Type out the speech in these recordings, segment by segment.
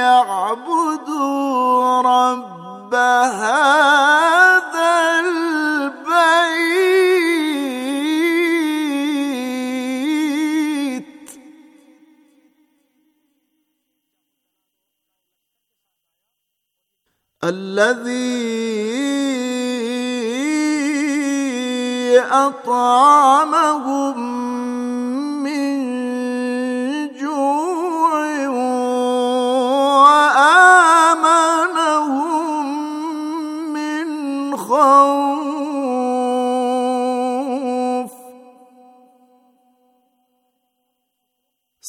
يعبدوا رب هذا البيت الذي أطعمهم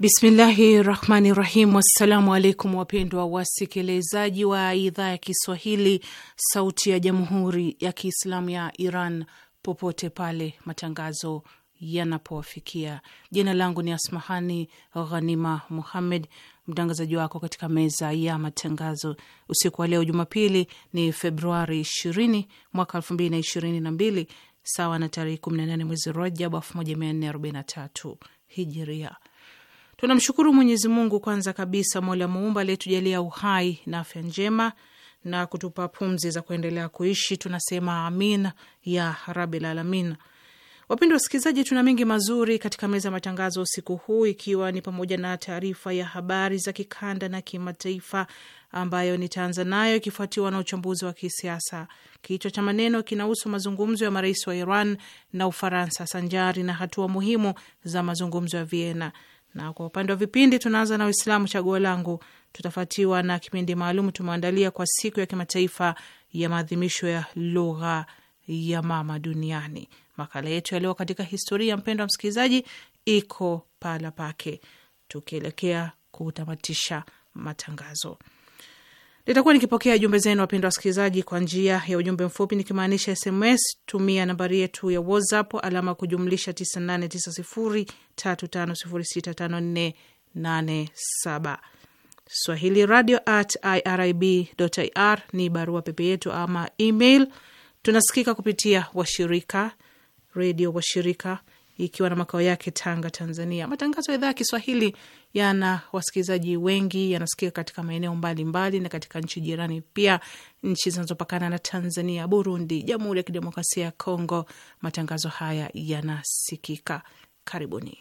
Bismillahi rahmani rahim. Wassalamu alaikum, wapendwa wasikilizaji wa idhaa ya Kiswahili sauti ya jamhuri ya Kiislamu ya Iran popote pale matangazo yanapowafikia. Jina langu ni Asmahani Ghanima Muhammed, mtangazaji wako katika meza ya matangazo usiku wa leo Jumapili ni Februari 20 mwaka 2022 sawa na tarehe 18 mwezi Rajab 1443 hijiria Tunamshukuru Mwenyezi Mungu kwanza kabisa, Mola Muumba aliyetujalia uhai na afya njema na kutupa pumzi za kuendelea kuishi. Tunasema amin ya rabil alamin. Wapendwa wasikilizaji, tuna mengi mazuri katika meza ya matangazo usiku huu, ikiwa ni pamoja na taarifa ya habari za kikanda na kimataifa ambayo nitaanza nayo, ikifuatiwa na uchambuzi wa kisiasa. Kichwa cha maneno kinahusu mazungumzo ya marais wa Iran na Ufaransa sanjari na hatua muhimu za mazungumzo ya Vienna. Na kwa upande wa vipindi tunaanza na Uislamu Chaguo Langu, tutafuatiwa na kipindi maalum tumeandalia kwa siku ya kimataifa ya maadhimisho ya lugha ya mama duniani. Makala yetu yaliyo katika historia, mpendo wa msikilizaji, iko pala pake, tukielekea kutamatisha matangazo. Itakuwa nikipokea jumbe zenu, wapendwa wasikilizaji, kwa njia ya ujumbe mfupi nikimaanisha SMS. Tumia nambari yetu ya WhatsApp alama kujumlisha 989035065487 Swahili radio at irib.ir ni barua pepe yetu ama email. Tunasikika kupitia washirika redio washirika ikiwa na makao yake Tanga, Tanzania. Matangazo ya idhaa ya Kiswahili yana wasikilizaji wengi, yanasikika katika maeneo mbalimbali na katika nchi jirani, pia nchi zinazopakana na Tanzania, Burundi, Jamhuri ya Kidemokrasia ya Kongo. Matangazo haya yanasikika. Karibuni.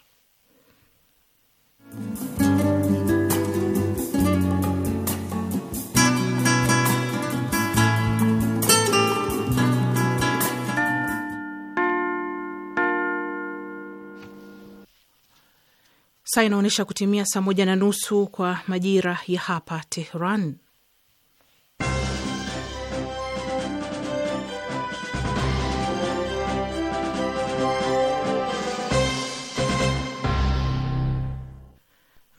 Saa inaonyesha kutimia saa moja na nusu kwa majira ya hapa Tehran.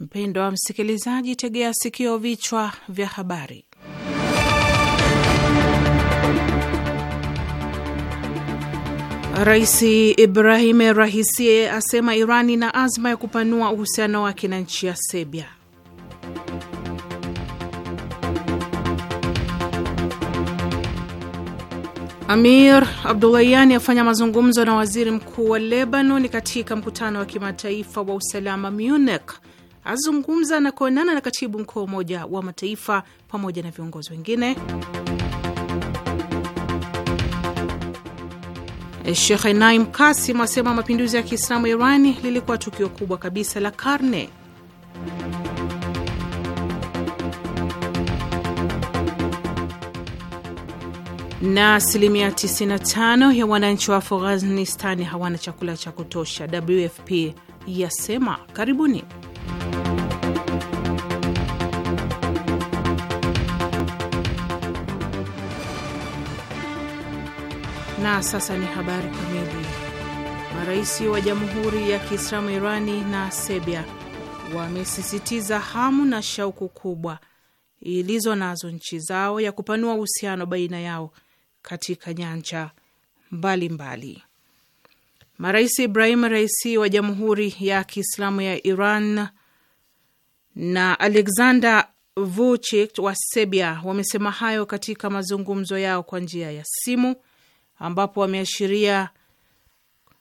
Mpendo wa msikilizaji, tegea sikio, vichwa vya habari. Rais Ibrahim rahisi asema iran ina azma ya kupanua uhusiano wake na nchi ya Serbia. Amir Abdulayani afanya mazungumzo na waziri mkuu wa Lebanon katika mkutano wa kimataifa wa usalama Munich. Azungumza na kuonana na katibu mkuu wa Umoja wa Mataifa pamoja na viongozi wengine. Eh, Shekh Naim Kasim asema mapinduzi ya Kiislamu Irani lilikuwa tukio kubwa kabisa la karne. Na asilimia 95 ya wananchi wa Afghanistani hawana chakula cha kutosha, WFP yasema. Karibuni. Na sasa ni habari kamili. Marais wa Jamhuri ya Kiislamu Irani na Serbia wamesisitiza hamu na shauku kubwa ilizo nazo nchi zao ya kupanua uhusiano baina yao katika nyanja mbalimbali. Marais Ibrahim Raisi wa Jamhuri ya Kiislamu ya Iran na Alexander Vucic wa Serbia wamesema hayo katika mazungumzo yao kwa njia ya simu ambapo wameashiria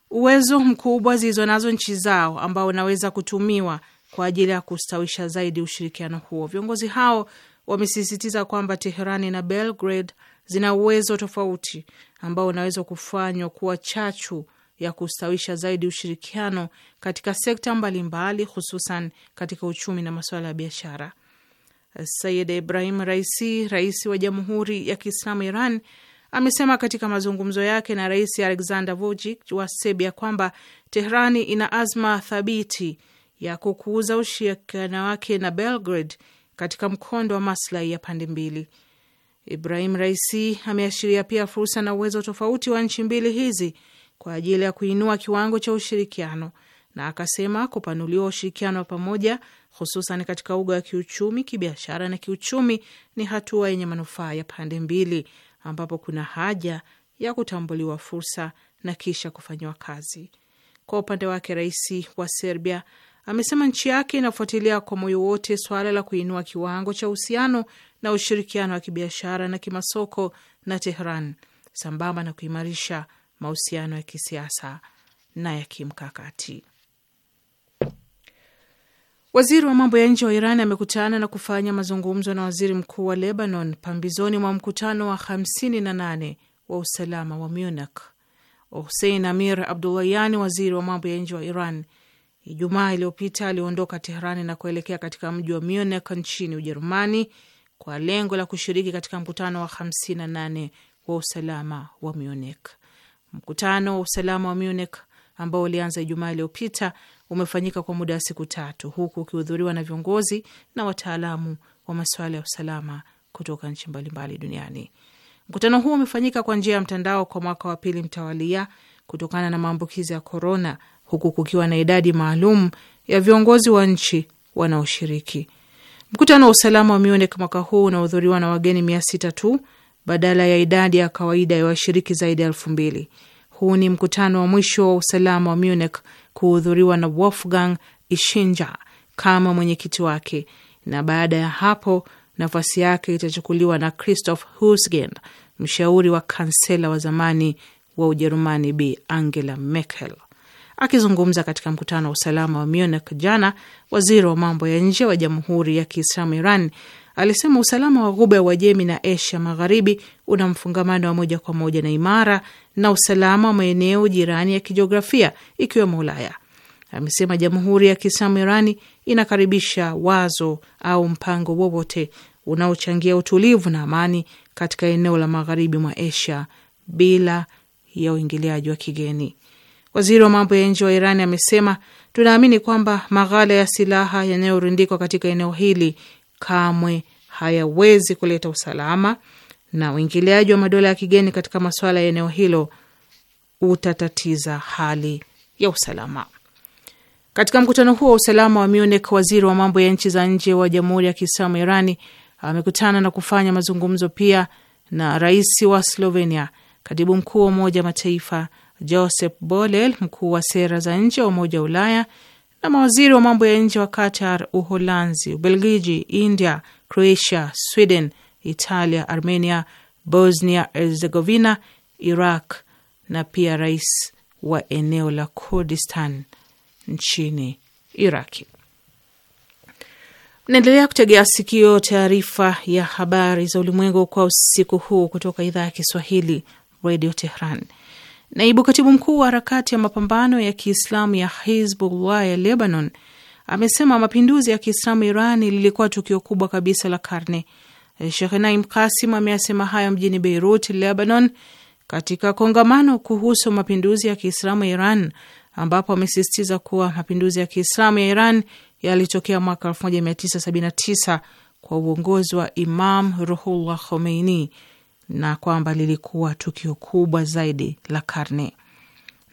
uwezo mkubwa zilizo nazo nchi zao ambao unaweza kutumiwa kwa ajili ya kustawisha zaidi ushirikiano huo. Viongozi hao wamesisitiza kwamba Teherani na Belgrade zina uwezo tofauti ambao unaweza kufanywa kuwa chachu ya kustawisha zaidi ushirikiano katika sekta mbalimbali, hususan katika uchumi na masuala ya biashara. Sayid Ibrahim Raisi, rais wa Jamhuri ya Kiislamu Iran, amesema katika mazungumzo yake na Rais Alexander Vucic wa Serbia kwamba Tehrani ina azma thabiti ya kukuza ushirikiano wake na Belgrade katika mkondo wa maslahi ya pande mbili. Ibrahim Raisi ameashiria pia fursa na uwezo tofauti wa nchi mbili hizi kwa ajili ya kuinua kiwango cha ushirikiano na akasema kupanuliwa ushirikiano wa pamoja hususan katika uga wa kiuchumi, kibiashara na kiuchumi ni hatua yenye manufaa ya pande mbili ambapo kuna haja ya kutambuliwa fursa na kisha kufanyiwa kazi. Kwa upande wake, rais wa Serbia amesema nchi yake inafuatilia kwa moyo wote swala la kuinua kiwango cha uhusiano na ushirikiano wa kibiashara na kimasoko na Tehran sambamba na kuimarisha mahusiano ya kisiasa na ya kimkakati. Waziri wa mambo ya nje wa Iran amekutana na kufanya mazungumzo na waziri mkuu wa Lebanon pambizoni mwa mkutano wa 58 wa usalama wa Munich. Hussein Amir abdulayani waziri wa mambo ya nje wa Iran, Ijumaa iliyopita aliondoka Teherani na kuelekea katika mji wa Munich nchini Ujerumani kwa lengo la kushiriki katika mkutano wa 58 wa usalama wa Munich. Mkutano wa usalama wa Munich ambao ulianza Ijumaa iliyopita umefanyika kwa muda wa siku tatu huku ukihudhuriwa na viongozi na wataalamu wa masuala ya usalama kutoka nchi mbalimbali duniani. Mkutano huu umefanyika kwa njia ya mtandao kwa mwaka wa pili mtawalia kutokana na maambukizi ya korona, huku kukiwa na idadi maalum ya viongozi wa nchi wanaoshiriki. Mkutano wa usalama wa Munich mwaka huu unahudhuriwa na wageni mia sita tu badala ya idadi ya kawaida ya washiriki zaidi ya elfu mbili. Huu ni mkutano wa mwisho wa usalama wa Munich kuhudhuriwa na Wolfgang Ishinja kama mwenyekiti wake, na baada ya hapo nafasi yake itachukuliwa na Christoph Husgen, mshauri wa kansela wa zamani wa Ujerumani Bi Angela Merkel. Akizungumza katika mkutano wa usalama wa Munich jana, waziri wa mambo ya nje wa Jamhuri ya Kiislamu Iran alisema usalama wa ghuba ya Uajemi na Asia Magharibi una mfungamano wa moja kwa moja na imara na usalama wa maeneo jirani ya kijiografia ikiwemo Ulaya. Amesema Jamhuri ya Kiislamu Irani inakaribisha wazo au mpango wowote unaochangia utulivu na amani katika eneo la magharibi mwa Asia bila ya uingiliaji wa kigeni. Waziri wa mambo ya nje wa Irani amesema tunaamini kwamba maghala ya silaha yanayorundikwa katika eneo hili kamwe hayawezi kuleta usalama na uingiliaji wa madola ya kigeni katika masuala ya eneo hilo utatatiza hali ya usalama. Katika mkutano huo wa usalama wa Munich, waziri wa mambo ya nchi za nje wa Jamhuri ya Kiislamu Irani amekutana na kufanya mazungumzo pia na rais wa Slovenia, katibu mkuu wa Umoja wa Mataifa Josep Borrell, mkuu wa sera za nje wa Umoja wa Ulaya na mawaziri wa mambo ya nje wa Qatar, Uholanzi, Ubelgiji, India, Croatia, Sweden, Italia, Armenia, Bosnia Herzegovina, Iraq na pia rais wa eneo la Kurdistan nchini Iraki. Naendelea kutegea sikio taarifa ya habari za ulimwengu kwa usiku huu kutoka idhaa ya Kiswahili, Radio Tehran. Naibu katibu mkuu wa harakati ya mapambano ya Kiislamu ya Hizbullah ya Lebanon amesema mapinduzi ya Kiislamu Irani lilikuwa tukio kubwa kabisa la karne. Shekh Naim Kasim ameyasema hayo mjini Beirut, Lebanon, katika kongamano kuhusu mapinduzi ya Kiislamu ya Iran, ambapo amesisitiza kuwa mapinduzi ya Kiislamu ya Iran yalitokea mwaka 1979 kwa uongozi wa Imam Ruhullah Khomeini na kwamba lilikuwa tukio kubwa zaidi la karne.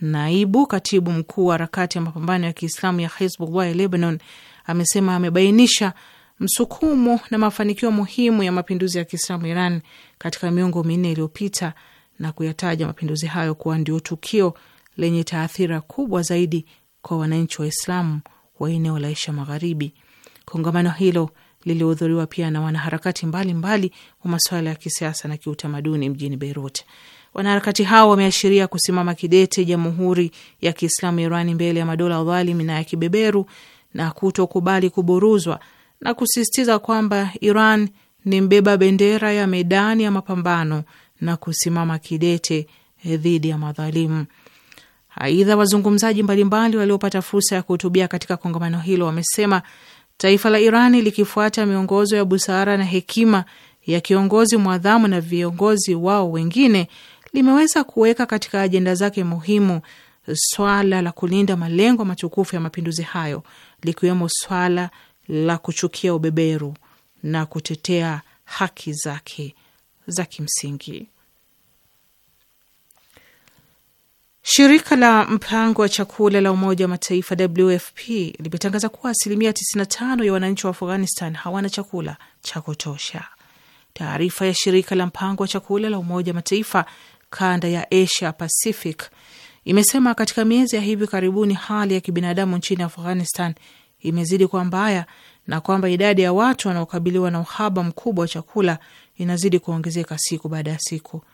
Naibu katibu mkuu wa harakati ya mapambano ya Kiislamu ya Hizbullah ya Lebanon amesema amebainisha msukumo na mafanikio muhimu ya mapinduzi ya Kiislamu Iran katika miongo minne iliyopita na kuyataja mapinduzi hayo kuwa ndio tukio lenye taathira kubwa zaidi kwa wananchi Waislamu wa eneo la Asia Magharibi. Kongamano hilo lilihudhuriwa pia na wanaharakati mbalimbali wa masuala ya kisiasa na kiutamaduni mjini Beirut. Wanaharakati hao wameashiria kusimama kidete Jamhuri ya Kiislamu Irani mbele ya madola dhalimi na ya kibeberu na kutokubali kuburuzwa na kusisitiza kwamba Iran ni mbeba bendera ya medani ya mapambano na kusimama kidete dhidi ya madhalimu. Aidha, wazungumzaji mbalimbali waliopata fursa ya kuhutubia katika kongamano hilo wamesema Taifa la Irani likifuata miongozo ya busara na hekima ya kiongozi mwadhamu na viongozi wao wengine, limeweza kuweka katika ajenda zake muhimu swala la kulinda malengo matukufu ya mapinduzi hayo, likiwemo swala la kuchukia ubeberu na kutetea haki zake za kimsingi. Shirika la mpango wa chakula la Umoja wa Mataifa WFP limetangaza kuwa asilimia 95 ya wananchi wa Afghanistan hawana chakula cha kutosha. Taarifa ya shirika la mpango wa chakula la Umoja wa Mataifa kanda ya Asia Pacific imesema katika miezi ya hivi karibuni hali ya kibinadamu nchini Afghanistan imezidi kuwa mbaya na kwamba idadi ya watu wanaokabiliwa na uhaba mkubwa wa chakula inazidi kuongezeka siku baada ya siku.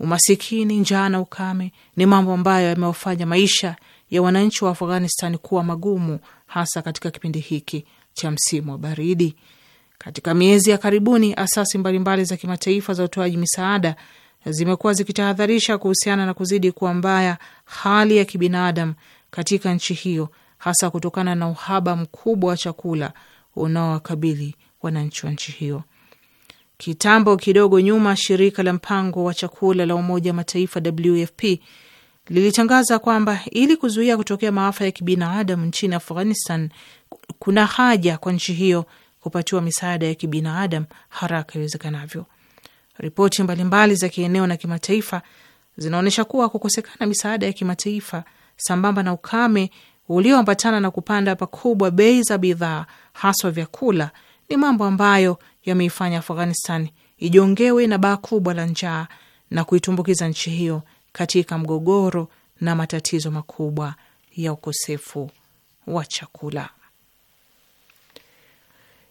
Umasikini, njaa na ukame ni mambo ambayo yamewafanya maisha ya wananchi wa Afghanistan kuwa magumu, hasa katika kipindi hiki cha msimu wa baridi. Katika miezi ya karibuni, asasi mbalimbali za kimataifa za utoaji misaada zimekuwa zikitahadharisha kuhusiana na kuzidi kuwa mbaya hali ya kibinadamu katika nchi hiyo, hasa kutokana na uhaba mkubwa wa chakula unaowakabili wananchi wa nchi hiyo. Kitambo kidogo nyuma, shirika la mpango wa chakula la Umoja wa Mataifa WFP lilitangaza kwamba ili kuzuia kutokea maafa ya kibinadamu nchini Afghanistan, kuna haja kwa nchi hiyo kupatiwa misaada ya kibinadamu haraka iwezekanavyo. Ripoti mbalimbali za kieneo na kimataifa zinaonyesha kuwa kukosekana misaada ya kimataifa sambamba na ukame ulioambatana na kupanda pakubwa bei za bidhaa haswa vyakula ni mambo ambayo yameifanya Afghanistan ijongewe na baa kubwa la njaa na kuitumbukiza nchi hiyo katika mgogoro na matatizo makubwa ya ukosefu wa chakula.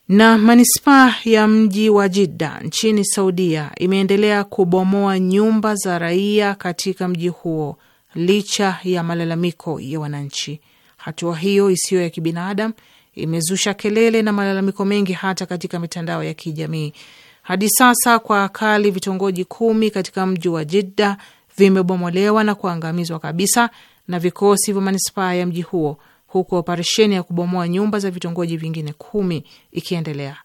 Na manispaa ya mji wa Jidda nchini Saudia imeendelea kubomoa nyumba za raia katika mji huo licha ya malalamiko ya wananchi. Hatua hiyo isiyo ya kibinadamu imezusha kelele na malalamiko mengi hata katika mitandao ya kijamii. Hadi sasa kwa akali vitongoji kumi katika mji wa Jidda vimebomolewa na kuangamizwa kabisa na vikosi vya manispaa ya mji huo, huku operesheni ya kubomoa nyumba za vitongoji vingine kumi ikiendelea.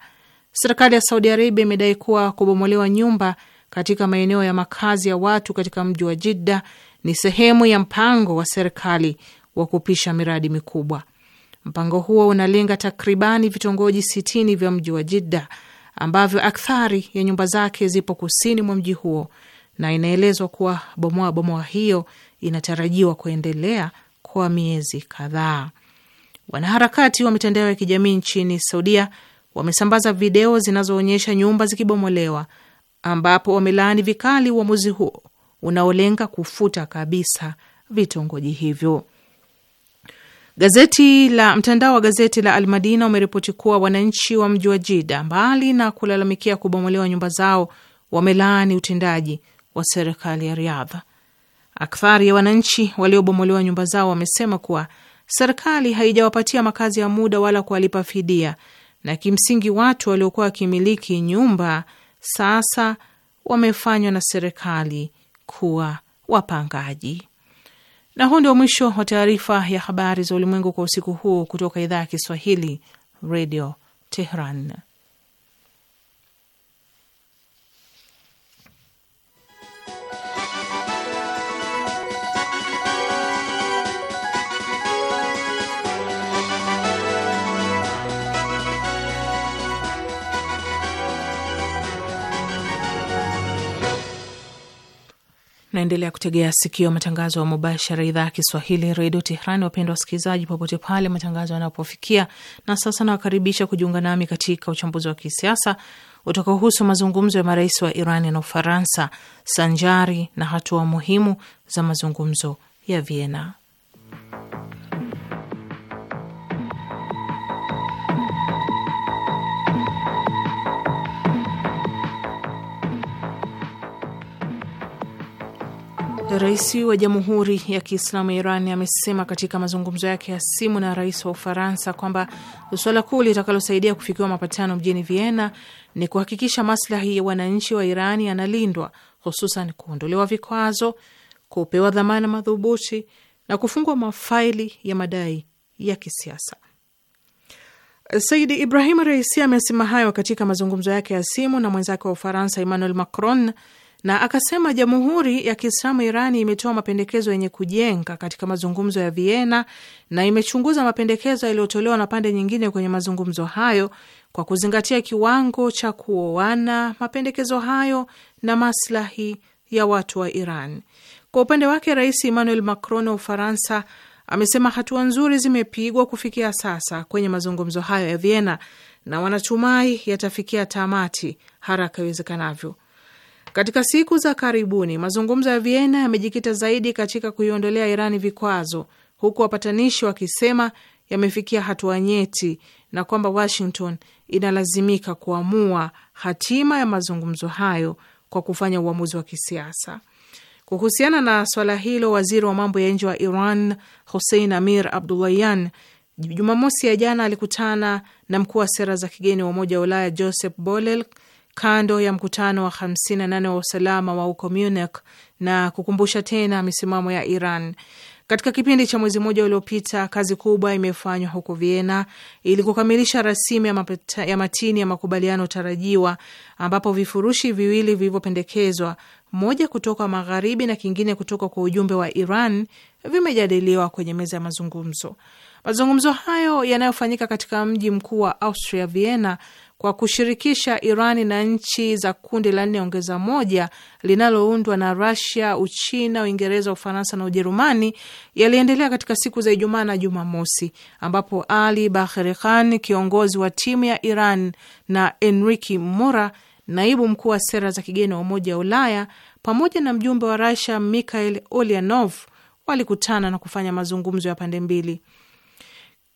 Serikali ya Saudi Arabia imedai kuwa kubomolewa nyumba katika maeneo ya makazi ya watu katika mji wa Jidda ni sehemu ya mpango wa serikali wa kupisha miradi mikubwa. Mpango huo unalenga takribani vitongoji sitini vya mji wa Jidda ambavyo akthari ya nyumba zake zipo kusini mwa mji huo, na inaelezwa kuwa bomoa bomoa hiyo inatarajiwa kuendelea kwa miezi kadhaa. Wanaharakati wa mitandao ya kijamii nchini Saudia wamesambaza video zinazoonyesha nyumba zikibomolewa, ambapo wamelaani vikali uamuzi huo unaolenga kufuta kabisa vitongoji hivyo. Gazeti la mtandao wa gazeti la Almadina umeripoti kuwa wananchi wa mji wa Jida, mbali na kulalamikia kubomolewa nyumba zao, wamelaani utendaji wa serikali ya Riadha. Akthari ya wananchi waliobomolewa nyumba zao wamesema kuwa serikali haijawapatia makazi ya muda wala kuwalipa fidia, na kimsingi watu waliokuwa wakimiliki nyumba sasa wamefanywa na serikali kuwa wapangaji. Na huu ndio mwisho wa taarifa ya habari za ulimwengu kwa usiku huu kutoka idhaa ya Kiswahili, Radio Tehran. Naendelea kutegea sikio matangazo ya mubashara idhaa ya Kiswahili redio Tehrani. Wapendwa wasikilizaji, popote pale matangazo yanapofikia. Na sasa nawakaribisha kujiunga nami katika uchambuzi wa kisiasa utakaohusu mazungumzo ya marais wa Irani na Ufaransa sanjari na hatua muhimu za mazungumzo ya Vienna. Rais wa Jamhuri ya Kiislamu ya Iran amesema katika mazungumzo yake ya simu na rais wa Ufaransa kwamba suala kuu litakalosaidia kufikiwa mapatano mjini Vienna ni kuhakikisha maslahi ya wananchi wa Irani yanalindwa, hususan kuondolewa vikwazo, kupewa dhamana madhubuti na kufungwa mafaili ya madai ya kisiasa. Saidi Ibrahim Raisi amesema hayo katika mazungumzo yake ya simu na mwenzake wa Ufaransa Emmanuel Macron na akasema Jamhuri ya Kiislamu Irani imetoa mapendekezo yenye kujenga katika mazungumzo ya Vienna na imechunguza mapendekezo yaliyotolewa na pande nyingine kwenye mazungumzo hayo kwa kuzingatia kiwango cha kuoana mapendekezo hayo na maslahi ya watu wa Iran. Kwa upande wake, Rais Emmanuel Macron wa Ufaransa amesema hatua nzuri zimepigwa kufikia sasa kwenye mazungumzo hayo ya Vienna na wanatumai yatafikia tamati haraka iwezekanavyo. Katika siku za karibuni mazungumzo ya Vienna yamejikita zaidi katika kuiondolea Irani vikwazo, huku wapatanishi wakisema yamefikia hatua nyeti na kwamba Washington inalazimika kuamua hatima ya mazungumzo hayo kwa kufanya uamuzi wa kisiasa. Kuhusiana na swala hilo, waziri wa mambo ya nje wa Iran Hussein Amir abdulayan Jumamosi ya jana alikutana na mkuu wa sera za kigeni wa Umoja wa Ulaya Joseph Borrell kando ya mkutano wa 58 wa usalama wa huko Munich na kukumbusha tena misimamo ya Iran. Katika kipindi cha mwezi mmoja uliopita, kazi kubwa imefanywa huko Vienna ili kukamilisha rasimu ya, ya matini ya makubaliano tarajiwa, ambapo vifurushi viwili vilivyopendekezwa, moja kutoka magharibi na kingine kutoka kwa ujumbe wa Iran, vimejadiliwa kwenye meza ya mazungumzo. Mazungumzo hayo yanayofanyika katika mji mkuu wa Austria, Vienna, kwa kushirikisha Irani na nchi za kundi la nne ongeza moja linaloundwa na Rasia, Uchina, Uingereza, Ufaransa na Ujerumani yaliendelea katika siku za Ijumaa na Jumamosi, ambapo Ali Bakheri Khan, kiongozi wa timu ya Iran, na Enrique Mora, naibu mkuu wa sera za kigeni wa Umoja wa Ulaya, pamoja na mjumbe wa Rasia Mikhail Olianov walikutana na kufanya mazungumzo ya pande mbili.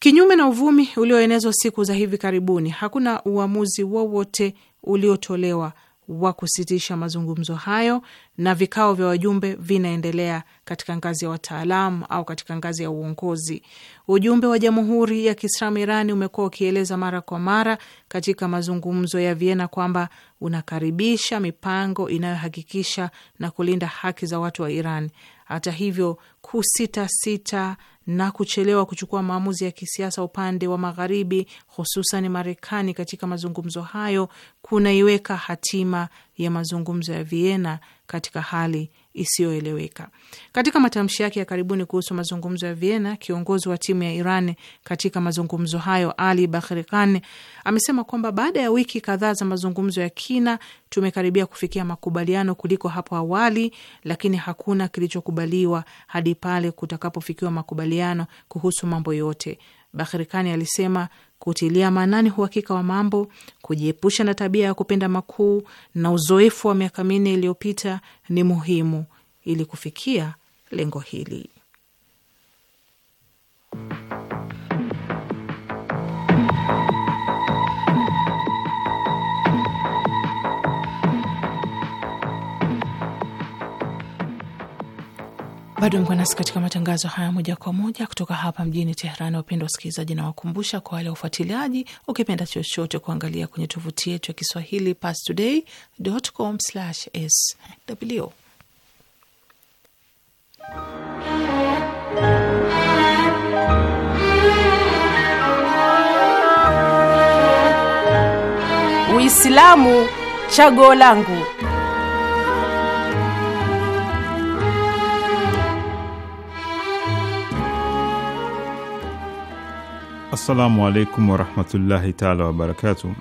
Kinyume na uvumi ulioenezwa siku za hivi karibuni, hakuna uamuzi wowote uliotolewa wa kusitisha mazungumzo hayo, na vikao vya wajumbe vinaendelea katika ngazi ya wataalamu au katika ngazi ya uongozi. Ujumbe wa Jamhuri ya Kiislamu Irani umekuwa ukieleza mara kwa mara katika mazungumzo ya Viena kwamba unakaribisha mipango inayohakikisha na kulinda haki za watu wa Iran. Hata hivyo, kusitasita na kuchelewa kuchukua maamuzi ya kisiasa upande wa magharibi, hususan Marekani katika mazungumzo hayo kunaiweka hatima ya mazungumzo ya Vienna katika hali isiyoeleweka. Katika matamshi yake ya karibuni kuhusu mazungumzo ya Vienna, kiongozi wa timu ya Iran katika mazungumzo hayo Ali Bakhri Khan amesema kwamba baada ya wiki kadhaa za mazungumzo ya kina, tumekaribia kufikia makubaliano kuliko hapo awali, lakini hakuna kilichokubaliwa hadi pale kutakapofikiwa makubaliano kuhusu mambo yote. Bakhri Khan alisema kutilia maanani uhakika wa mambo, kujiepusha na tabia ya kupenda makuu na uzoefu wa miaka minne iliyopita ni muhimu ili kufikia lengo hili. Bado mko nasi katika matangazo haya moja kwa moja kutoka hapa mjini Teherani. Wapenda wasikilizaji, wakumbusha kwa wale wafuatiliaji, ukipenda chochote kuangalia kwenye tovuti yetu ya Kiswahili pastoday.com/sw. Uislamu chaguo langu. Assalamu alaikum warahmatullahi taala wabarakatu.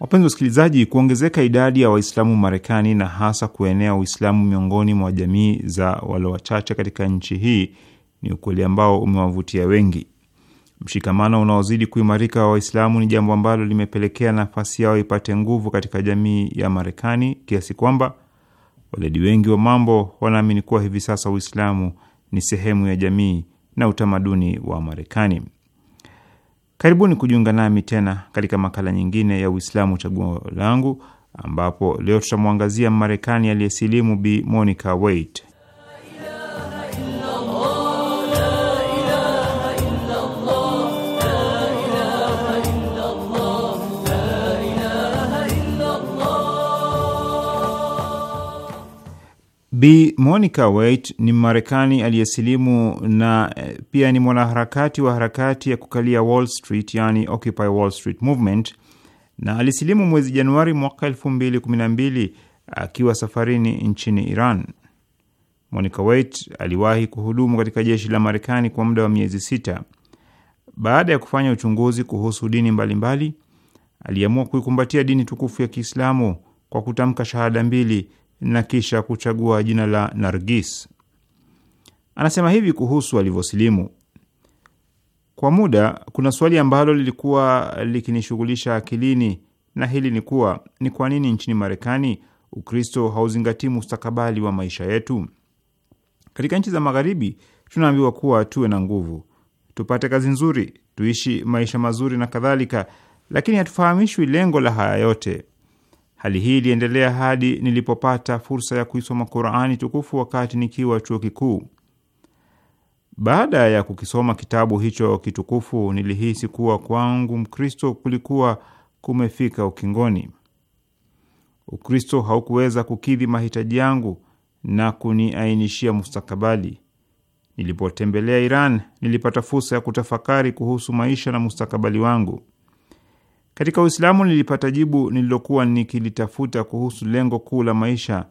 Wapenzi wasikilizaji, kuongezeka idadi ya Waislamu Marekani na hasa kuenea Uislamu miongoni mwa jamii za walio wachache katika nchi hii ni ukweli ambao umewavutia wengi. Mshikamano unaozidi kuimarika wa Waislamu ni jambo ambalo limepelekea nafasi yao ipate nguvu katika jamii ya Marekani kiasi kwamba waledi wengi wa mambo wanaamini kuwa hivi sasa Uislamu ni sehemu ya jamii na utamaduni wa Marekani. Karibuni kujiunga nami tena katika makala nyingine ya Uislamu Chaguo Langu, ambapo leo tutamwangazia marekani aliyesilimu Bi Monica Wait. Bi Monica Wait ni Marekani aliyesilimu na eh, pia ni mwanaharakati wa harakati ya kukalia Wall Street, yani Occupy Wall Street Movement, na alisilimu mwezi Januari mwaka 2012 akiwa safarini nchini Iran. Monica Wait aliwahi kuhudumu katika jeshi la Marekani kwa muda wa miezi sita. Baada ya kufanya uchunguzi kuhusu dini mbalimbali, aliamua kuikumbatia dini tukufu ya Kiislamu kwa kutamka shahada mbili na kisha kuchagua jina la Nargis. Anasema hivi kuhusu alivyosilimu: kwa muda kuna swali ambalo lilikuwa likinishughulisha akilini, na hili ni kuwa ni kwa nini nchini Marekani Ukristo hauzingatii mustakabali wa maisha yetu. Katika nchi za Magharibi tunaambiwa kuwa tuwe na nguvu, tupate kazi nzuri, tuishi maisha mazuri na kadhalika, lakini hatufahamishwi lengo la haya yote. Hali hii iliendelea hadi nilipopata fursa ya kuisoma Qurani tukufu wakati nikiwa chuo kikuu. Baada ya kukisoma kitabu hicho kitukufu, nilihisi kuwa kwangu Mkristo kulikuwa kumefika ukingoni. Ukristo haukuweza kukidhi mahitaji yangu na kuniainishia mustakabali. Nilipotembelea Iran, nilipata fursa ya kutafakari kuhusu maisha na mustakabali wangu. Katika Uislamu nilipata jibu nililokuwa nikilitafuta kuhusu lengo kuu la maisha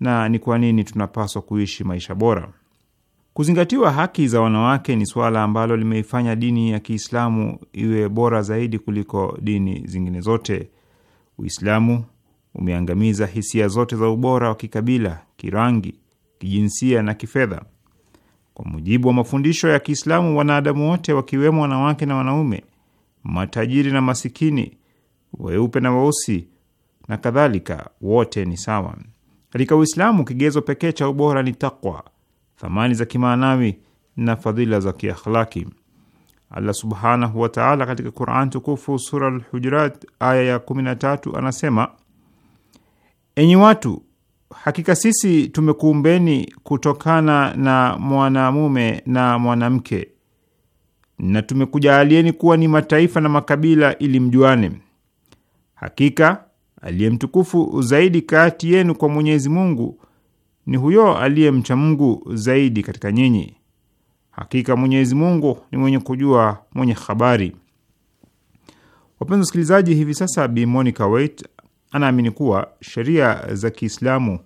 na ni kwa nini tunapaswa kuishi maisha bora. Kuzingatiwa haki za wanawake ni suala ambalo limeifanya dini ya Kiislamu iwe bora zaidi kuliko dini zingine zote. Uislamu umeangamiza hisia zote za ubora wa kikabila, kirangi, kijinsia na kifedha. Kwa mujibu wa mafundisho ya Kiislamu, wanadamu wote wakiwemo wanawake na wanaume matajiri na masikini, weupe na weusi na kadhalika, wote ni sawa katika Uislamu. Kigezo pekee cha ubora ni takwa, thamani za kimaanawi na fadhila za kiakhlaki. Allah subhanahu wataala katika Quran tukufu sura Lhujurat aya ya 13 anasema: enyi watu, hakika sisi tumekuumbeni kutokana na mwanamume na mwanamke na tumekujaalieni kuwa ni mataifa na makabila ili mjuane. Hakika aliye mtukufu zaidi kati yenu kwa Mwenyezi Mungu ni huyo aliyemcha Mungu zaidi katika nyinyi. Hakika Mwenyezi Mungu ni mwenye kujua, mwenye habari. Wapenzi wasikilizaji, hivi sasa Bi Monica Wait anaamini kuwa sheria za Kiislamu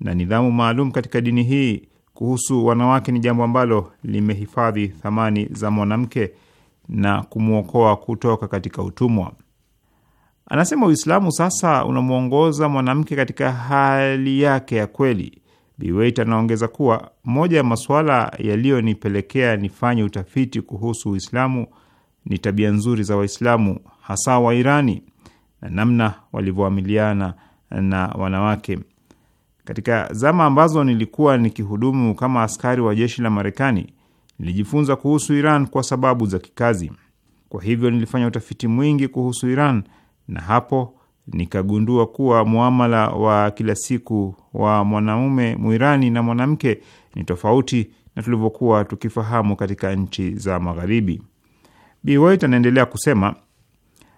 na nidhamu maalum katika dini hii kuhusu wanawake ni jambo ambalo limehifadhi thamani za mwanamke na kumwokoa kutoka katika utumwa. Anasema Uislamu sasa unamwongoza mwanamke katika hali yake ya kweli. Biweit anaongeza kuwa moja ya masuala yaliyonipelekea nifanye utafiti kuhusu Uislamu ni tabia nzuri za Waislamu, hasa Wairani na namna walivyoamiliana na wanawake. Katika zama ambazo nilikuwa nikihudumu kama askari wa jeshi la Marekani, nilijifunza kuhusu Iran kwa sababu za kikazi. Kwa hivyo nilifanya utafiti mwingi kuhusu Iran na hapo nikagundua kuwa muamala wa kila siku wa mwanaume Mwirani na mwanamke ni tofauti na tulivyokuwa tukifahamu katika nchi za Magharibi. Bi White anaendelea kusema,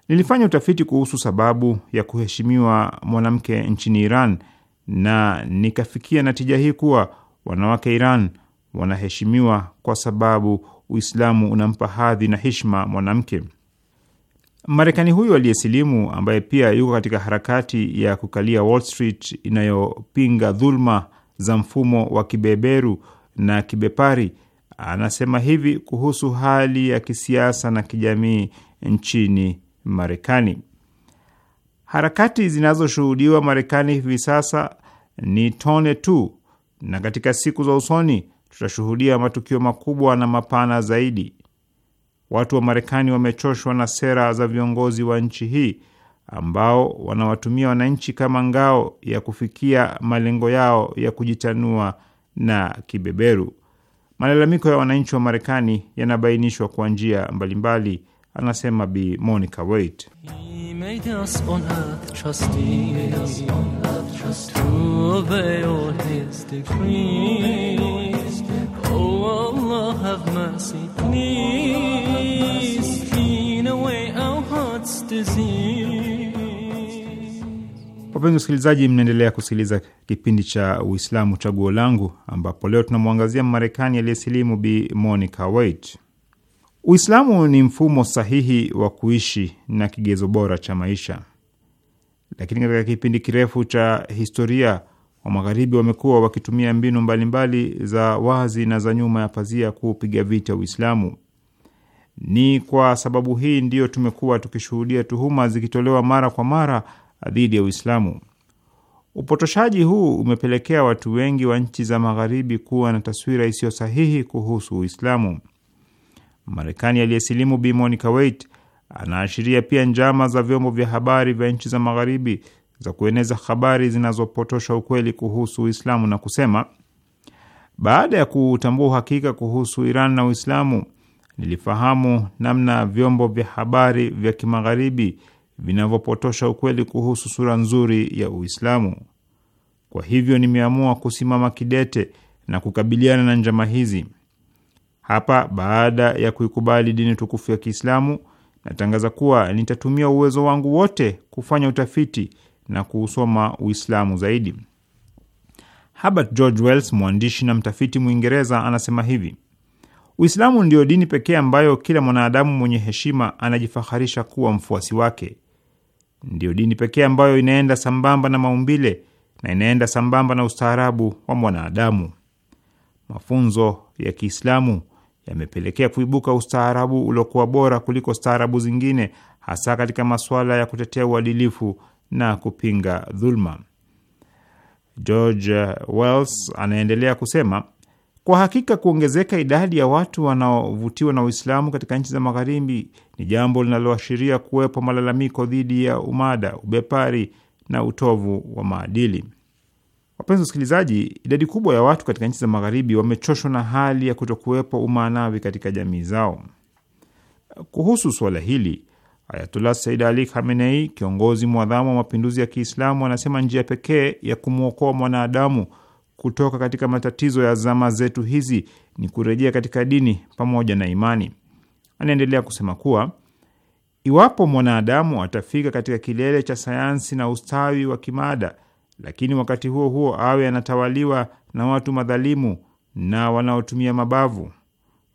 nilifanya utafiti kuhusu sababu ya kuheshimiwa mwanamke nchini Iran na nikafikia natija hii kuwa wanawake Iran wanaheshimiwa kwa sababu Uislamu unampa hadhi na hishma mwanamke. Marekani huyu aliyesilimu ambaye pia yuko katika harakati ya kukalia Wall Street inayopinga dhuluma za mfumo wa kibeberu na kibepari anasema hivi kuhusu hali ya kisiasa na kijamii nchini Marekani: Harakati zinazoshuhudiwa Marekani hivi sasa ni tone tu, na katika siku za usoni tutashuhudia matukio makubwa na mapana zaidi. Watu wa Marekani wamechoshwa na sera za viongozi wa nchi hii ambao wanawatumia wananchi kama ngao ya kufikia malengo yao ya kujitanua na kibeberu. Malalamiko ya wananchi wa Marekani yanabainishwa kwa njia mbalimbali anasema Bi Monica Wait. Oh, Wapenzi wasikilizaji, mnaendelea kusikiliza kipindi cha Uislamu Chaguo Langu, ambapo leo tunamwangazia marekani aliyesilimu Bi Monica Wait. Uislamu ni mfumo sahihi wa kuishi na kigezo bora cha maisha, lakini katika kipindi kirefu cha historia wa Magharibi wamekuwa wakitumia mbinu mbalimbali mbali za wazi na za nyuma ya pazia kuupiga vita Uislamu. Ni kwa sababu hii ndiyo tumekuwa tukishuhudia tuhuma zikitolewa mara kwa mara dhidi ya Uislamu. Upotoshaji huu umepelekea watu wengi wa nchi za Magharibi kuwa na taswira isiyo sahihi kuhusu Uislamu. Marekani aliyesilimu Bi Monica Wait anaashiria pia njama za vyombo vya habari vya nchi za Magharibi za kueneza habari zinazopotosha ukweli kuhusu Uislamu na kusema, baada ya kutambua uhakika kuhusu Iran na Uislamu, nilifahamu namna vyombo vya habari vya kimagharibi vinavyopotosha ukweli kuhusu sura nzuri ya Uislamu. Kwa hivyo nimeamua kusimama kidete na kukabiliana na njama hizi. Hapa, baada ya kuikubali dini tukufu ya Kiislamu, natangaza kuwa nitatumia uwezo wangu wote kufanya utafiti na kuusoma Uislamu zaidi. Herbert George Wells, mwandishi na mtafiti Mwingereza, anasema hivi: Uislamu ndiyo dini pekee ambayo kila mwanadamu mwenye heshima anajifaharisha kuwa mfuasi wake. Ndiyo dini pekee ambayo inaenda sambamba na maumbile na inaenda sambamba na ustaarabu wa mwanadamu. Mafunzo ya Kiislamu yamepelekea kuibuka ustaarabu uliokuwa bora kuliko staarabu zingine, hasa katika masuala ya kutetea uadilifu na kupinga dhuluma. George Wells anaendelea kusema, kwa hakika kuongezeka idadi ya watu wanaovutiwa na Uislamu katika nchi za magharibi ni jambo linaloashiria kuwepo malalamiko dhidi ya umada, ubepari na utovu wa maadili. Wapenzi wasikilizaji, idadi kubwa ya watu katika nchi za magharibi wamechoshwa na hali ya kutokuwepo umaanawi katika jamii zao. Kuhusu suala hili, Ayatullah Said Ali Khamenei, kiongozi mwadhamu wa mapinduzi ya Kiislamu, anasema njia pekee ya kumwokoa mwanadamu kutoka katika matatizo ya zama zetu hizi ni kurejea katika dini pamoja na imani. Anaendelea kusema kuwa iwapo mwanadamu atafika katika kilele cha sayansi na ustawi wa kimaada lakini wakati huo huo awe anatawaliwa na watu madhalimu na wanaotumia mabavu.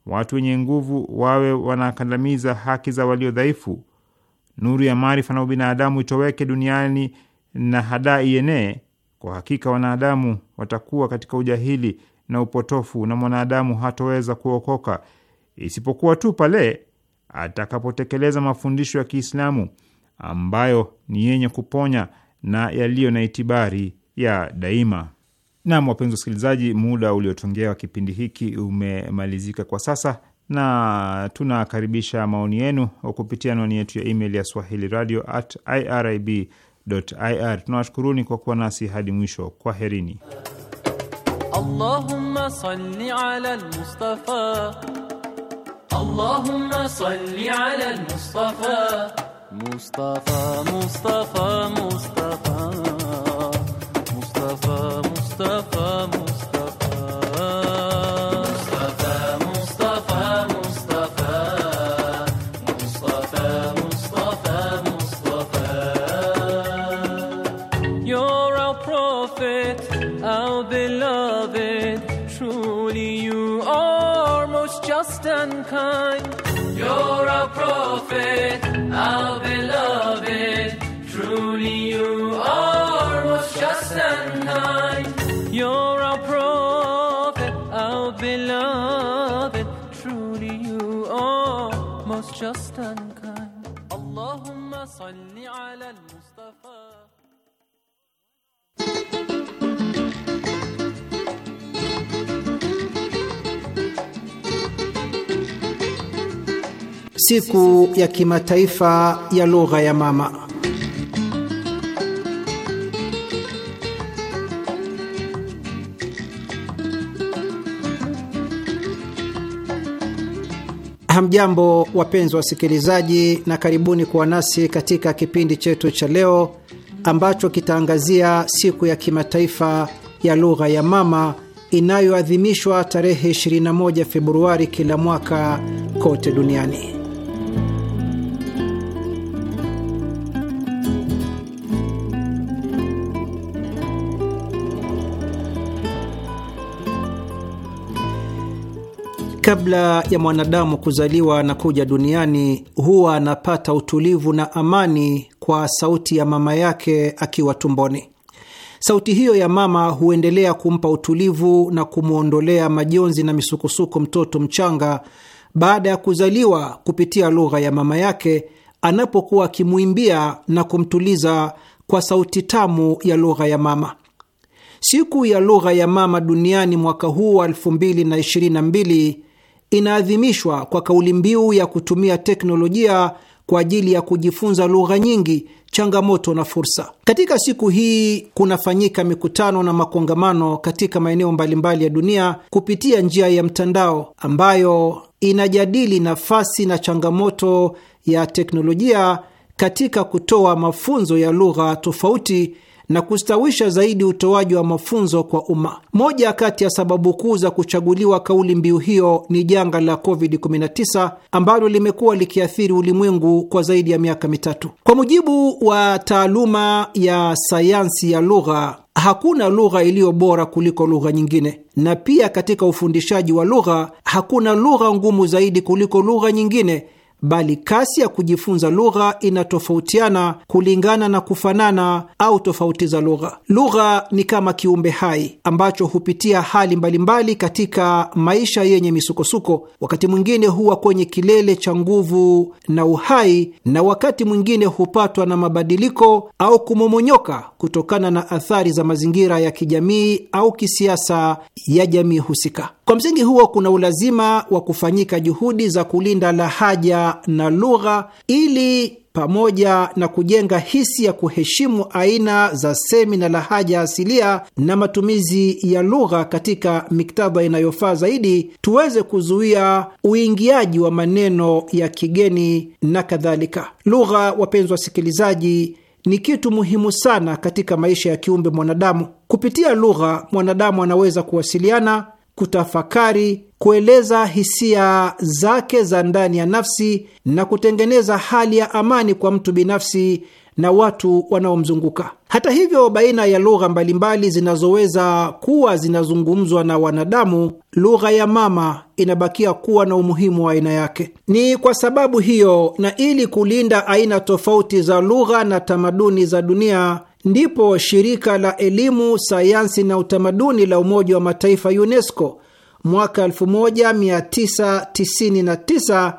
Watu wenye nguvu wawe wanakandamiza haki za walio dhaifu. Nuru ya maarifa na ubinadamu itoweke duniani na hadaa ienee. Kwa hakika wanadamu watakuwa katika ujahili na upotofu, na mwanadamu hatoweza kuokoka isipokuwa tu pale atakapotekeleza mafundisho ya Kiislamu ambayo ni yenye kuponya na yaliyo na itibari ya daima. Nam, wapenzi wasikilizaji, muda wa kipindi hiki umemalizika kwa sasa, na tunakaribisha maoni yenu kupitia anwani yetu ya email ya swahili radio at irib ir. Tunawashukuruni kwa kuwa nasi hadi mwisho. Kwaherini. Allahumma salli ala al-Mustafa. Allahumma salli ala al-Mustafa Mustafa, Mustafa, Mustafa. just unkind. اللهم صل على المصطفى Siku ya Kimataifa ya Lugha ya Mama. Hamjambo, wapenzi wasikilizaji, na karibuni kuwa nasi katika kipindi chetu cha leo ambacho kitaangazia siku ya kimataifa ya lugha ya mama inayoadhimishwa tarehe 21 Februari kila mwaka kote duniani. Kabla ya mwanadamu kuzaliwa na kuja duniani, huwa anapata utulivu na amani kwa sauti ya mama yake akiwa tumboni. Sauti hiyo ya mama huendelea kumpa utulivu na kumwondolea majonzi na misukosuko mtoto mchanga baada ya kuzaliwa, kupitia lugha ya mama yake anapokuwa akimwimbia na kumtuliza kwa sauti tamu ya lugha ya mama. Siku ya lugha ya mama duniani mwaka huu wa 2022 inaadhimishwa kwa kauli mbiu ya kutumia teknolojia kwa ajili ya kujifunza lugha nyingi, changamoto na fursa. Katika siku hii kunafanyika mikutano na makongamano katika maeneo mbalimbali ya dunia kupitia njia ya mtandao ambayo inajadili nafasi na changamoto ya teknolojia katika kutoa mafunzo ya lugha tofauti na kustawisha zaidi utoaji wa mafunzo kwa umma. Moja kati ya sababu kuu za kuchaguliwa kauli mbiu hiyo ni janga la COVID-19 ambalo limekuwa likiathiri ulimwengu kwa zaidi ya miaka mitatu. Kwa mujibu wa taaluma ya sayansi ya lugha, hakuna lugha iliyo bora kuliko lugha nyingine, na pia katika ufundishaji wa lugha hakuna lugha ngumu zaidi kuliko lugha nyingine bali kasi ya kujifunza lugha inatofautiana kulingana na kufanana au tofauti za lugha. Lugha ni kama kiumbe hai ambacho hupitia hali mbalimbali mbali katika maisha yenye misukosuko. Wakati mwingine huwa kwenye kilele cha nguvu na uhai, na wakati mwingine hupatwa na mabadiliko au kumomonyoka kutokana na athari za mazingira ya kijamii au kisiasa ya jamii husika. Kwa msingi huo, kuna ulazima wa kufanyika juhudi za kulinda lahaja na lugha ili pamoja na kujenga hisi ya kuheshimu aina za semi na lahaja asilia na matumizi ya lugha katika miktadha inayofaa zaidi, tuweze kuzuia uingiaji wa maneno ya kigeni na kadhalika. Lugha, wapenzi wasikilizaji, ni kitu muhimu sana katika maisha ya kiumbe mwanadamu. Kupitia lugha, mwanadamu anaweza kuwasiliana kutafakari, kueleza hisia zake za ndani ya nafsi na kutengeneza hali ya amani kwa mtu binafsi na watu wanaomzunguka. Hata hivyo, baina ya lugha mbalimbali zinazoweza kuwa zinazungumzwa na wanadamu, lugha ya mama inabakia kuwa na umuhimu wa aina yake. Ni kwa sababu hiyo, na ili kulinda aina tofauti za lugha na tamaduni za dunia, ndipo shirika la elimu, sayansi na utamaduni la Umoja wa Mataifa UNESCO mwaka 1999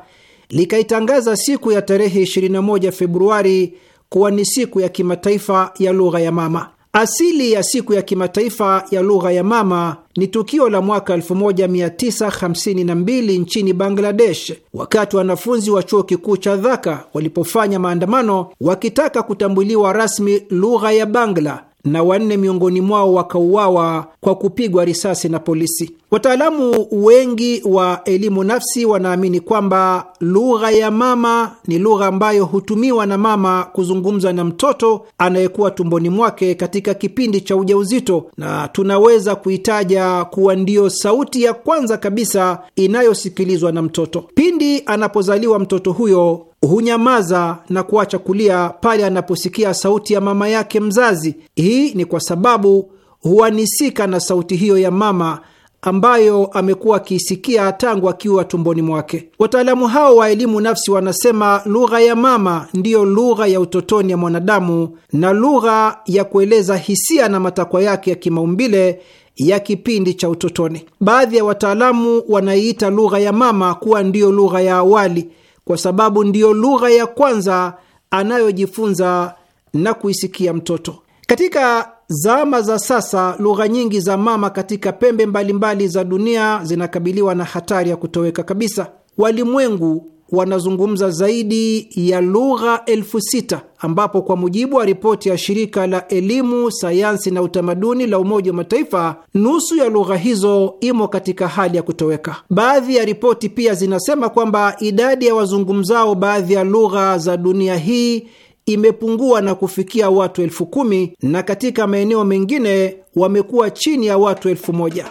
likaitangaza siku ya tarehe 21 Februari kuwa ni siku ya kimataifa ya lugha ya mama. Asili ya siku ya kimataifa ya lugha ya mama ni tukio la mwaka 1952 nchini Bangladesh, wakati wanafunzi wa chuo kikuu cha Dhaka walipofanya maandamano wakitaka kutambuliwa rasmi lugha ya Bangla na wanne miongoni mwao wakauawa kwa kupigwa risasi na polisi. Wataalamu wengi wa elimu nafsi wanaamini kwamba lugha ya mama ni lugha ambayo hutumiwa na mama kuzungumza na mtoto anayekuwa tumboni mwake katika kipindi cha ujauzito, na tunaweza kuitaja kuwa ndiyo sauti ya kwanza kabisa inayosikilizwa na mtoto pindi anapozaliwa mtoto huyo hunyamaza na kuacha kulia pale anaposikia sauti ya mama yake mzazi. Hii ni kwa sababu huanisika na sauti hiyo ya mama ambayo amekuwa akiisikia tangu akiwa tumboni mwake. Wataalamu hao wa elimu nafsi wanasema lugha ya mama ndiyo lugha ya utotoni ya mwanadamu na lugha ya kueleza hisia na matakwa yake ya kimaumbile ya kipindi cha utotoni. Baadhi ya wataalamu wanaiita lugha ya mama kuwa ndiyo lugha ya awali kwa sababu ndiyo lugha ya kwanza anayojifunza na kuisikia mtoto. Katika zama za sasa, lugha nyingi za mama katika pembe mbalimbali mbali za dunia zinakabiliwa na hatari ya kutoweka kabisa. Walimwengu wanazungumza zaidi ya lugha elfu sita ambapo kwa mujibu wa ripoti ya shirika la elimu, sayansi na utamaduni la Umoja wa Mataifa, nusu ya lugha hizo imo katika hali ya kutoweka. Baadhi ya ripoti pia zinasema kwamba idadi ya wazungumzao baadhi ya lugha za dunia hii imepungua na kufikia watu elfu kumi na katika maeneo mengine wamekuwa chini ya watu elfu moja.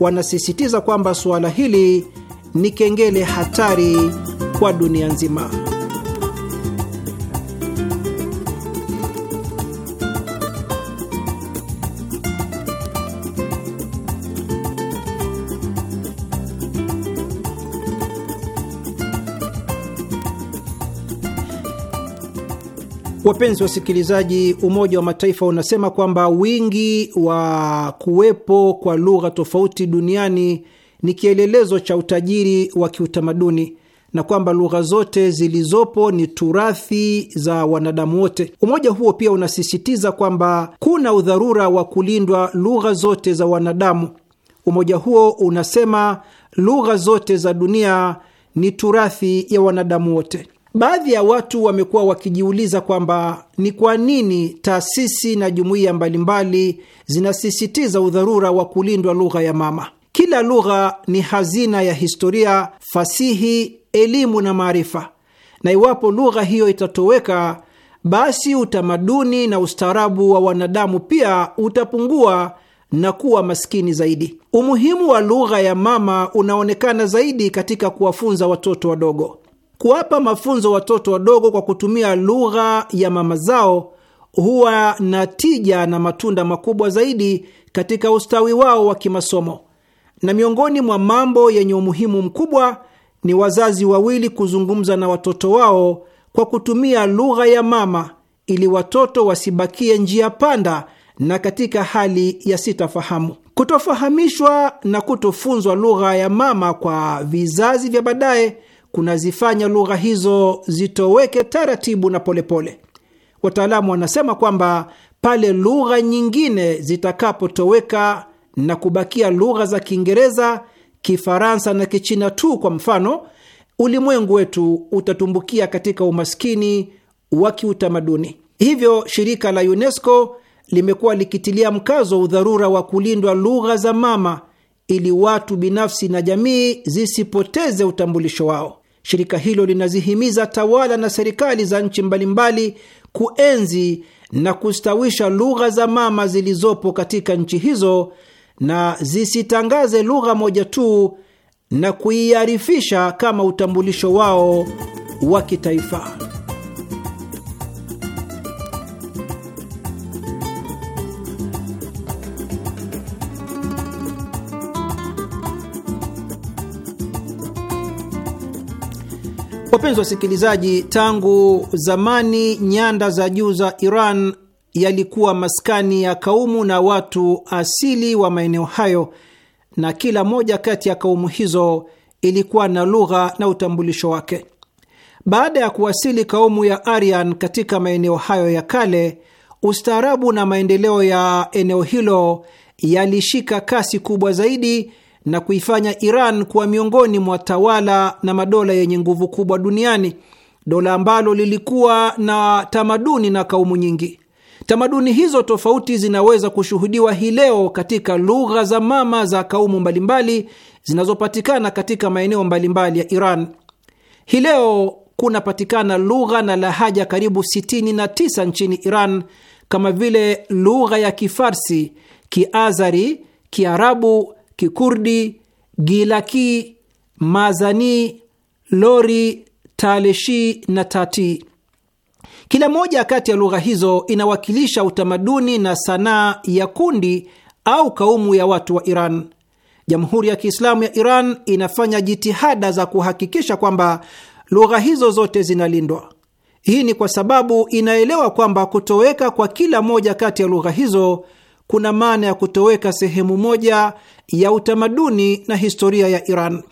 Wanasisitiza kwamba suala hili ni kengele hatari kwa dunia nzima. Wapenzi wasikilizaji, Umoja wa Mataifa unasema kwamba wingi wa kuwepo kwa lugha tofauti duniani ni kielelezo cha utajiri wa kiutamaduni na kwamba lugha zote zilizopo ni turathi za wanadamu wote. Umoja huo pia unasisitiza kwamba kuna udharura wa kulindwa lugha zote za wanadamu. Umoja huo unasema lugha zote za dunia ni turathi ya wanadamu wote. Baadhi ya watu wamekuwa wakijiuliza kwamba ni kwa nini taasisi na jumuiya mbalimbali zinasisitiza udharura wa kulindwa lugha ya mama. Kila lugha ni hazina ya historia, fasihi, elimu na maarifa, na iwapo lugha hiyo itatoweka, basi utamaduni na ustaarabu wa wanadamu pia utapungua na kuwa maskini zaidi. Umuhimu wa lugha ya mama unaonekana zaidi katika kuwafunza watoto wadogo. Kuwapa mafunzo watoto wadogo kwa kutumia lugha ya mama zao huwa na tija na matunda makubwa zaidi katika ustawi wao wa kimasomo. Na miongoni mwa mambo yenye umuhimu mkubwa ni wazazi wawili kuzungumza na watoto wao kwa kutumia lugha ya mama ili watoto wasibakie njia panda na katika hali ya sitafahamu. Kutofahamishwa na kutofunzwa lugha ya mama kwa vizazi vya baadaye kunazifanya lugha hizo zitoweke taratibu na polepole. Wataalamu wanasema kwamba pale lugha nyingine zitakapotoweka na kubakia lugha za Kiingereza, Kifaransa na Kichina tu kwa mfano, ulimwengu wetu utatumbukia katika umaskini wa kiutamaduni. Hivyo shirika la UNESCO limekuwa likitilia mkazo udharura wa kulindwa lugha za mama ili watu binafsi na jamii zisipoteze utambulisho wao. Shirika hilo linazihimiza tawala na serikali za nchi mbalimbali kuenzi na kustawisha lugha za mama zilizopo katika nchi hizo na zisitangaze lugha moja tu na kuiarifisha kama utambulisho wao wa kitaifa. Wapenzi wasikilizaji, tangu zamani nyanda za juu za Iran yalikuwa maskani ya kaumu na watu asili wa maeneo hayo, na kila moja kati ya kaumu hizo ilikuwa na lugha na utambulisho wake. Baada ya kuwasili kaumu ya Aryan katika maeneo hayo ya kale, ustaarabu na maendeleo ya eneo hilo yalishika kasi kubwa zaidi na kuifanya Iran kuwa miongoni mwa tawala na madola yenye nguvu kubwa duniani, dola ambalo lilikuwa na tamaduni na kaumu nyingi. Tamaduni hizo tofauti zinaweza kushuhudiwa hii leo katika lugha za mama za kaumu mbalimbali zinazopatikana katika maeneo mbalimbali ya Iran. Hii leo kunapatikana lugha na lahaja karibu 69 nchini Iran kama vile lugha ya Kifarsi, Kiazari, Kiarabu, Kikurdi, Gilaki, Mazani, Lori, Taleshi na Tati. Kila moja kati ya lugha hizo inawakilisha utamaduni na sanaa ya kundi au kaumu ya watu wa Iran. Jamhuri ya Kiislamu ya Iran inafanya jitihada za kuhakikisha kwamba lugha hizo zote zinalindwa. Hii ni kwa sababu inaelewa kwamba kutoweka kwa kila moja kati ya lugha hizo kuna maana ya kutoweka sehemu moja ya utamaduni na historia ya Iran.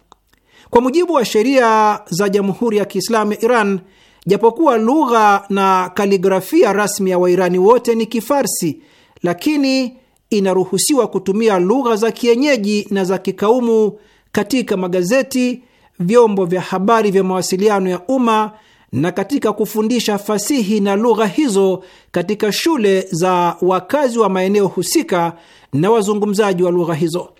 Kwa mujibu wa sheria za Jamhuri ya Kiislamu ya Iran, Japokuwa lugha na kaligrafia rasmi ya Wairani wote ni Kifarsi, lakini inaruhusiwa kutumia lugha za kienyeji na za kikaumu katika magazeti, vyombo vya habari vya mawasiliano ya umma na katika kufundisha fasihi na lugha hizo katika shule za wakazi wa maeneo husika na wazungumzaji wa lugha hizo.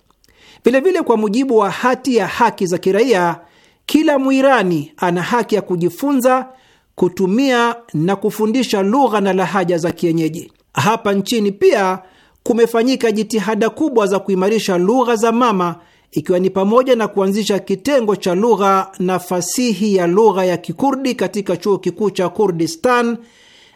Vilevile, kwa mujibu wa hati ya haki za kiraia, kila Mwirani ana haki ya kujifunza kutumia na kufundisha lugha na lahaja za kienyeji. Hapa nchini pia kumefanyika jitihada kubwa za kuimarisha lugha za mama ikiwa ni pamoja na kuanzisha kitengo cha lugha na fasihi ya lugha ya Kikurdi katika chuo kikuu cha Kurdistan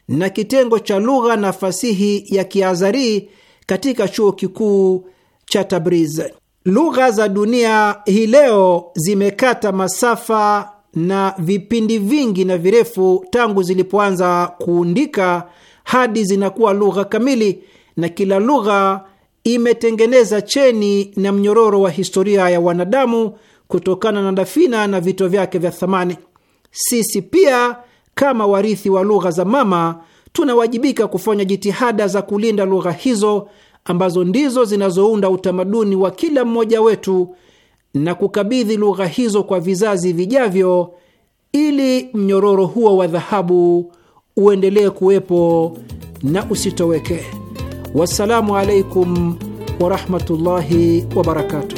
na kitengo cha lugha na fasihi ya Kiazari katika chuo kikuu cha Tabriz. Lugha za dunia hii leo zimekata masafa na vipindi vingi na virefu tangu zilipoanza kuundika hadi zinakuwa lugha kamili, na kila lugha imetengeneza cheni na mnyororo wa historia ya wanadamu kutokana na dafina na vito vyake vya thamani. Sisi pia kama warithi wa lugha za mama tunawajibika kufanya jitihada za kulinda lugha hizo ambazo ndizo zinazounda utamaduni wa kila mmoja wetu na kukabidhi lugha hizo kwa vizazi vijavyo ili mnyororo huo wa dhahabu uendelee kuwepo na usitoweke. Wassalamu alaikum warahmatullahi wabarakatuh.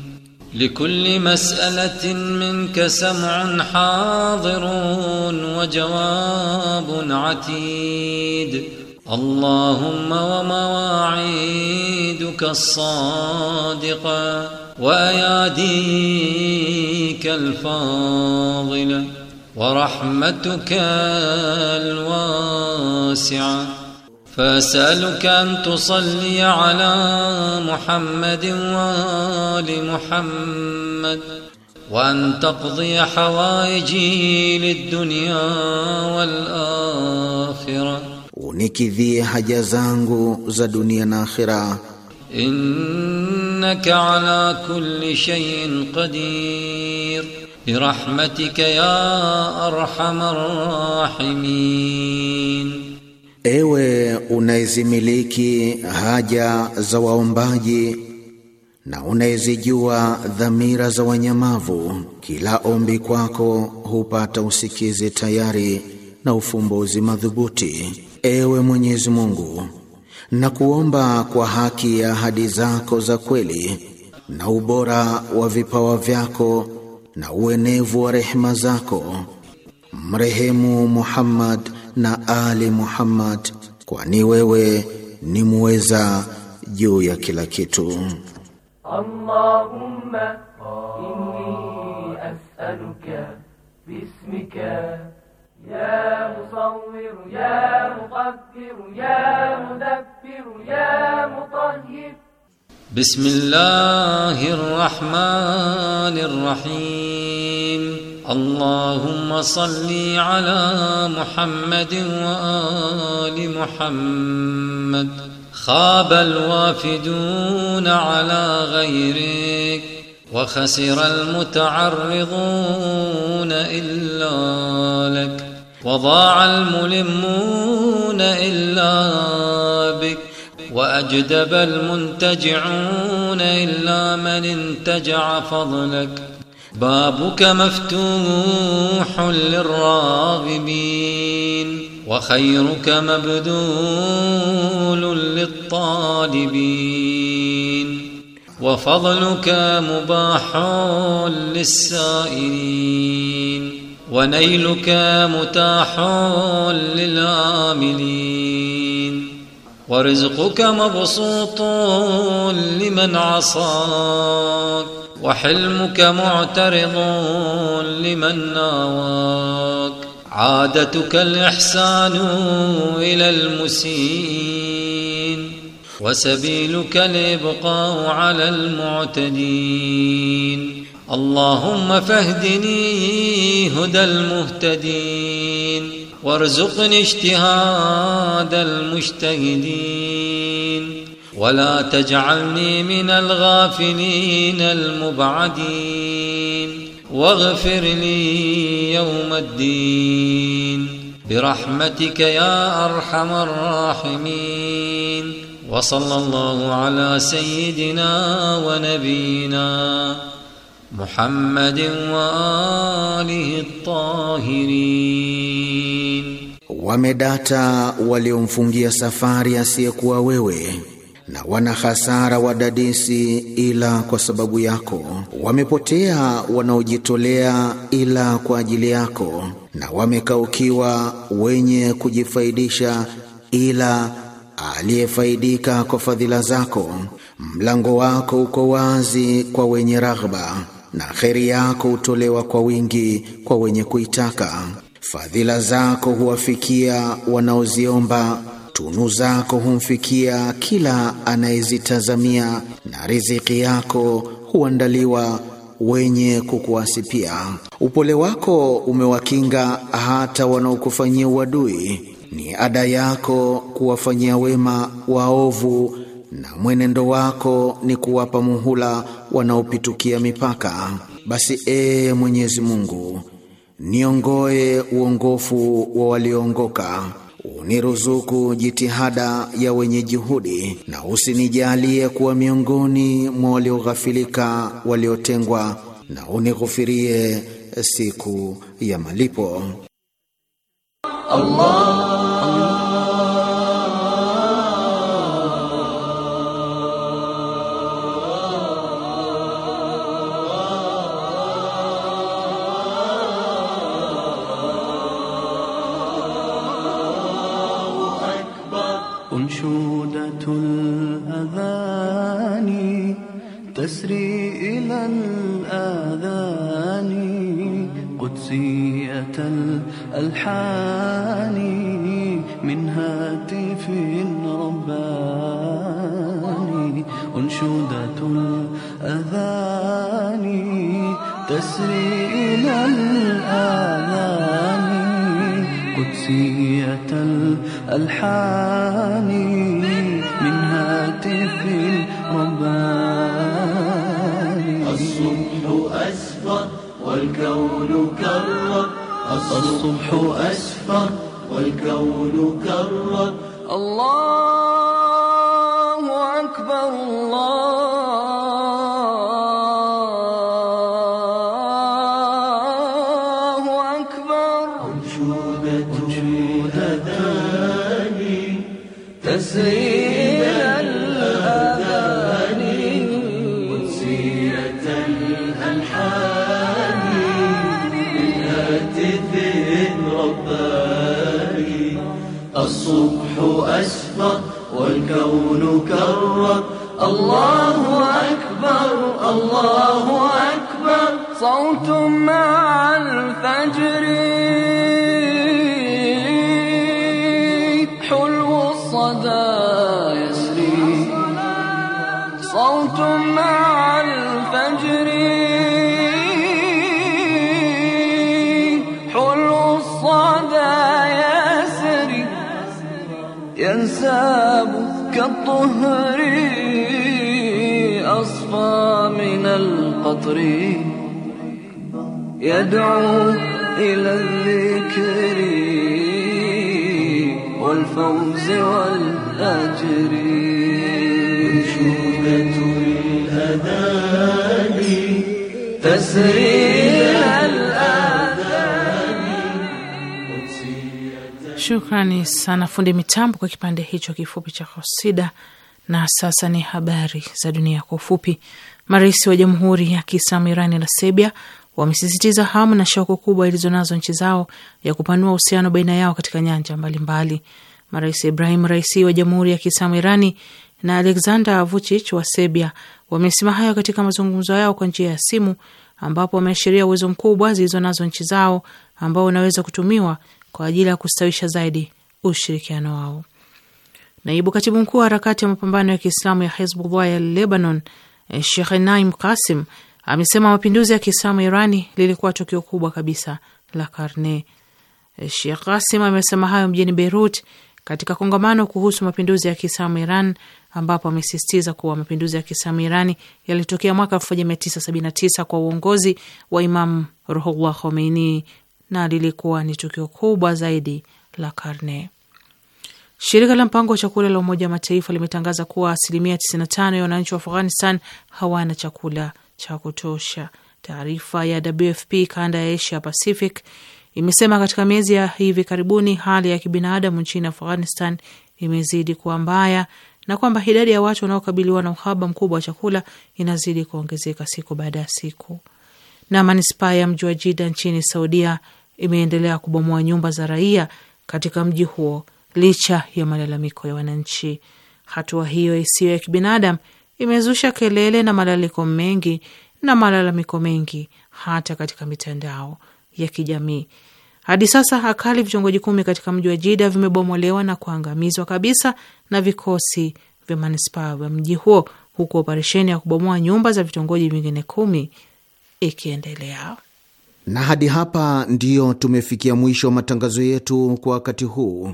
لكل مسألة منك سمع حاضر وجواب عتيد اللهم ومواعيدك الصادقة وأياديك الفاضلة ورحمتك الواسعه فأسألك أن تصلي على محمد وآل محمد وأن تقضي حوائجي للدنيا والآخرة unikidhie haja zangu za dunia na akhira innaka ala kulli shay'in qadir birahmatika ya arhamar rahimin Ewe unayezimiliki haja za waombaji na unayezijua dhamira za wanyamavu, kila ombi kwako hupata usikizi tayari na ufumbuzi madhubuti. Ewe Mwenyezi Mungu, na kuomba kwa haki ya ahadi zako za kweli na ubora wa vipawa vyako na uenevu wa rehema zako, mrehemu Muhammad na Ali Muhammad, kwani wewe ni muweza juu ya kila kitu. Allahumma inni as'aluka bismika ya musawwir ya muqaddir ya mudabbir ya mutahhir Bismillahir Rahmanir Rahim اللهم صل على محمد وآل محمد خاب الوافدون على غيرك وخسر المتعرضون إلا لك وضاع الملمون إلا بك وأجدب المنتجعون إلا من انتجع فضلك بابك مفتوح للراغبين وخيرك مبذول للطالبين وفضلك مباح للسائلين ونيلك متاح للآملين ورزقك مبسوط لمن عصاك وحلمك معترض لمن ناواك عادتك الإحسان إلى المسيء وسبيلك الإبقاء على المعتدين اللهم فاهدني هدى المهتدين وارزقني اجتهاد المجتهدين ولا تجعلني من الغافلين المبعدين واغفر لي يوم الدين برحمتك يا أرحم الراحمين وصلى الله على سيدنا ونبينا محمد وآله الطاهرين ومداتا waliomfungia سفاريا asiyekuwa wewe na wana hasara wadadisi ila kwa sababu yako, wamepotea wanaojitolea ila kwa ajili yako, na wamekaukiwa wenye kujifaidisha ila aliyefaidika kwa fadhila zako. Mlango wako uko wazi kwa wenye raghba, na kheri yako hutolewa kwa wingi kwa wenye kuitaka. Fadhila zako huwafikia wanaoziomba Tunu zako humfikia kila anayezitazamia, na riziki yako huandaliwa wenye kukuasipia. Upole wako umewakinga hata wanaokufanyia uadui. Ni ada yako kuwafanyia wema waovu, na mwenendo wako ni kuwapa muhula wanaopitukia mipaka. Basi ee Mwenyezi Mungu, niongoe uongofu wa walioongoka uniruzuku jitihada ya wenye juhudi na usinijalie kuwa miongoni mwa walioghafilika waliotengwa, na unighufirie siku ya malipo Allah. تسري إلى الآذان قدسية الألحان من هاتف رباني أنشودة الأذان تسري إلى الآذان قدسية الألحان والكون كرر الصبح أسفر والكون كرر الله الله أكبر الله أكبر صوت مع الفجر حلو الصدى يسري صوت مع الفجر حلو الصدى يسري ينساب كالطهر قطري يدعو إلى الذكر والفوز والأجر أنشودة الأذان تسري Shukrani sana fundi mitambo kwa kipande hicho kifupi cha kosida. Na sasa ni habari za dunia kwa ufupi. Marais wa Jamhuri ya Kiislamu Irani na Serbia wamesisitiza hamu na shauku kubwa ilizonazo nchi zao ya kupanua uhusiano baina yao katika nyanja mbalimbali. Marais Ibrahim Raisi wa Jamhuri ya Kiislamu Irani na Alexander Vucic wa Serbia wamesema hayo katika mazungumzo yao kwa njia ya simu, ambapo wameashiria uwezo mkubwa zilizonazo nchi zao ambao unaweza kutumiwa kwa ajili ya kustawisha zaidi ushirikiano wao. Naibu katibu mkuu wa harakati ya mapambano ya Kiislamu ya Hezbollah ya Lebanon Shekh Naim Kasim amesema mapinduzi ya Kiislamu Irani lilikuwa tukio kubwa kabisa la karne. Shekh Kasim amesema hayo mjini Beirut katika kongamano kuhusu mapinduzi ya Kiislamu Iran, ambapo amesisitiza kuwa mapinduzi ya Kiislamu Irani yalitokea mwaka 1979 kwa uongozi wa Imam Ruhollah Khomeini na lilikuwa ni tukio kubwa zaidi la karne. Shirika la mpango wa chakula la Umoja wa Mataifa limetangaza kuwa asilimia 95 ya wananchi wa Afghanistan hawana chakula cha kutosha. Taarifa ya WFP kanda ya Asia Pacific imesema katika miezi ya hivi karibuni hali ya kibinadamu nchini Afghanistan imezidi kuwa mbaya na kwamba idadi ya watu wanaokabiliwa na uhaba mkubwa wa chakula inazidi kuongezeka siku baada ya siku. Na manispaa ya mji wa Jida nchini Saudia imeendelea kubomoa nyumba za raia katika mji huo licha ya malalamiko ya wananchi. Hatua hiyo isiyo ya kibinadamu imezusha kelele na malalamiko mengi na malalamiko mengi hata katika mitandao ya kijamii. Hadi sasa akali vitongoji kumi katika mji wa Jida vimebomolewa na kuangamizwa kabisa na vikosi vya manispaa vya mji huo, huku operesheni ya kubomoa nyumba za vitongoji vingine kumi ikiendelea. Na hadi hapa ndiyo tumefikia mwisho wa matangazo yetu kwa wakati huu.